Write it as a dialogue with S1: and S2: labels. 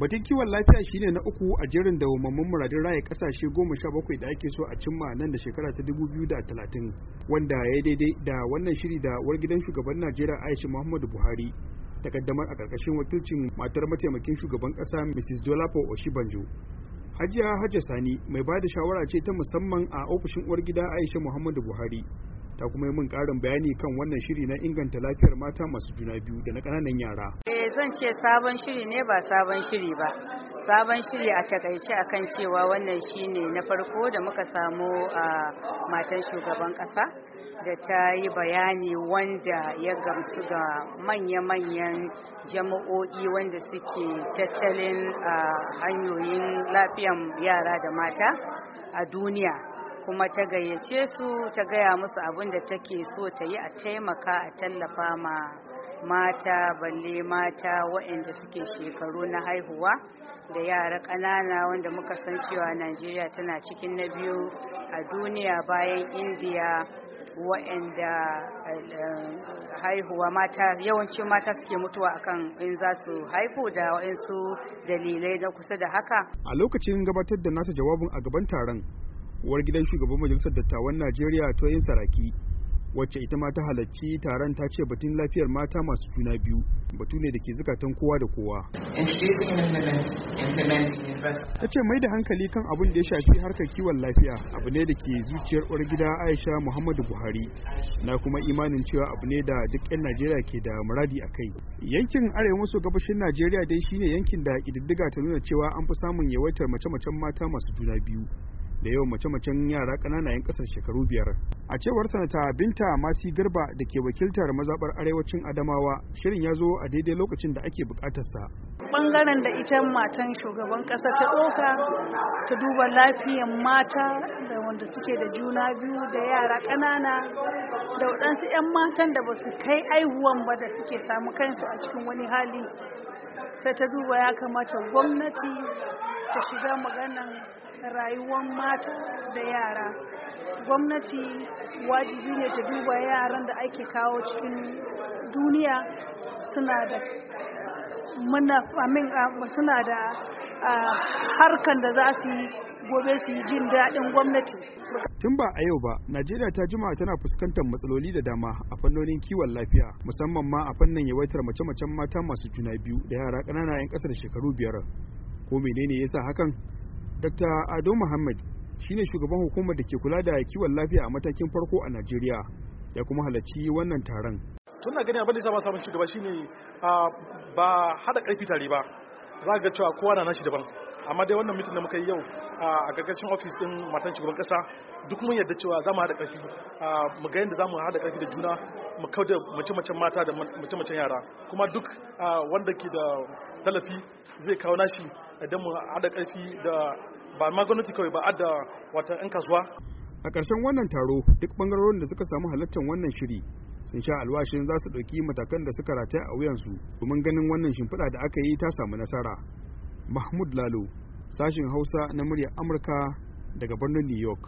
S1: Batun kiwon lafiya shine na uku a jerin da dawamammun muradin raya kasashe goma sha bakwai da ake so a cimma nan da shekara ta dubu biyu da talatin wanda ya daidai da wannan shiri da war gidan shugaban Najeriya Aisha Muhammadu Buhari takaddamar a ƙarƙashin wakilcin matar mataimakin shugaban ƙasa Mrs. Dolapo Oshibanjo. Hajiya Hajja Sani mai ba da shawara ce ta musamman a ofishin uwar gida Aisha Muhammadu Buhari ta kuma yi min ƙarin bayani kan wannan shiri na inganta lafiyar mata masu juna biyu da na kananan yara.
S2: Eh zan ce sabon shiri ne ba sabon shiri ba. Sabon shiri a takaice akan cewa wannan shine na farko da muka samu a matan shugaban ƙasa da ta yi bayani wanda ya gamsu ga manya-manyan jama'o'i wanda suke tattalin hanyoyin lafiyan yara da mata a duniya. kuma ta gayyace su ta gaya musu abin da take so ta yi a taimaka a tallafa ma mata balle mata waɗanda suke shekaru na haihuwa da yara ƙanana wanda muka san cewa najeriya tana cikin na biyu a duniya bayan indiya waɗanda eh, haihuwa mata yawancin mata suke mutuwa akan in za su haihu da waɗansu dalilai na kusa da haka
S1: a lokacin gabatar da nata jawabin a gaban taron uwar gidan shugaban majalisar dattawan najeriya yin saraki wacce ita ma ta halarci taron ta ce batun lafiyar mata masu juna biyu batu ne da ke zukatan kowa da kowa ta ce mai da hankali kan abin da ya shafi harkar kiwon lafiya abu ne da ke zuciyar uwar gida aisha muhammadu buhari na kuma imanin cewa abu ne da duk 'yan najeriya ke da muradi a kai yankin arewa maso gabashin najeriya dai shine yankin da ƙididdiga ta nuna cewa an fi samun yawaitar mace-macen mata masu juna biyu da yawan mace-macen yara ƙanana 'yan ƙasar shekaru biyar. A cewar sanata Binta Masi Garba da ke wakiltar mazaɓar arewacin Adamawa, shirin ya zo a daidai lokacin da ake buƙatarsa.
S3: ɓangaren da ita matan shugaban ƙasa ta ɗauka ta duba lafiyan mata da wanda suke da juna biyu da yara ƙanana da waɗansu 'yan matan da ba su kai aihuwan ba da suke samu kansu a cikin wani hali. Sai ta duba ya kamata gwamnati ta shiga maganan rayuwar mata da yara gwamnati wajibi ne ta duba yaran da ake kawo cikin duniya suna da suna da harkan da za su yi gobe su yi jin daɗin gwamnati.
S1: Tun ba a yau ba, Najeriya ta jima tana fuskantar matsaloli da dama a fannonin kiwon lafiya, musamman ma a fannin yawaitar mace-macen mata masu juna biyu da yara ƙanana 'yan ƙasar shekaru biyar. Ko menene ya sa hakan? Dr. Ado shi ne shugaban hukumar da ke kula da kiwon lafiya a matakin farko a Najeriya ya kuma halarci wannan taron. Tun na gani abin da ya samun shugaba shine ba hada karfi tare ba za ga cewa kowa na nashi daban amma dai wannan mitin da muka yi yau a gargashin ofis din matan shugaban kasa duk mun yarda cewa za mu haɗa ƙarfi mu ga yadda za mu haɗa ƙarfi da juna mu kauda da mace-macen mata da mace-macen yara kuma duk wanda ke da talafi zai kawo nashi idan mu haɗa ƙarfi da ba ma gwamnati kawai ba da wata 'yan kasuwa. A ƙarshen wannan taro duk ɓangarorin da suka samu halartar wannan shiri sun sha alwashin za su ɗauki matakan da suka rataya a wuyansu domin ganin wannan shimfiɗa da aka yi ta samu nasara. Mahmud Lalo, sashin Hausa na muryar Amurka daga birnin New
S2: York.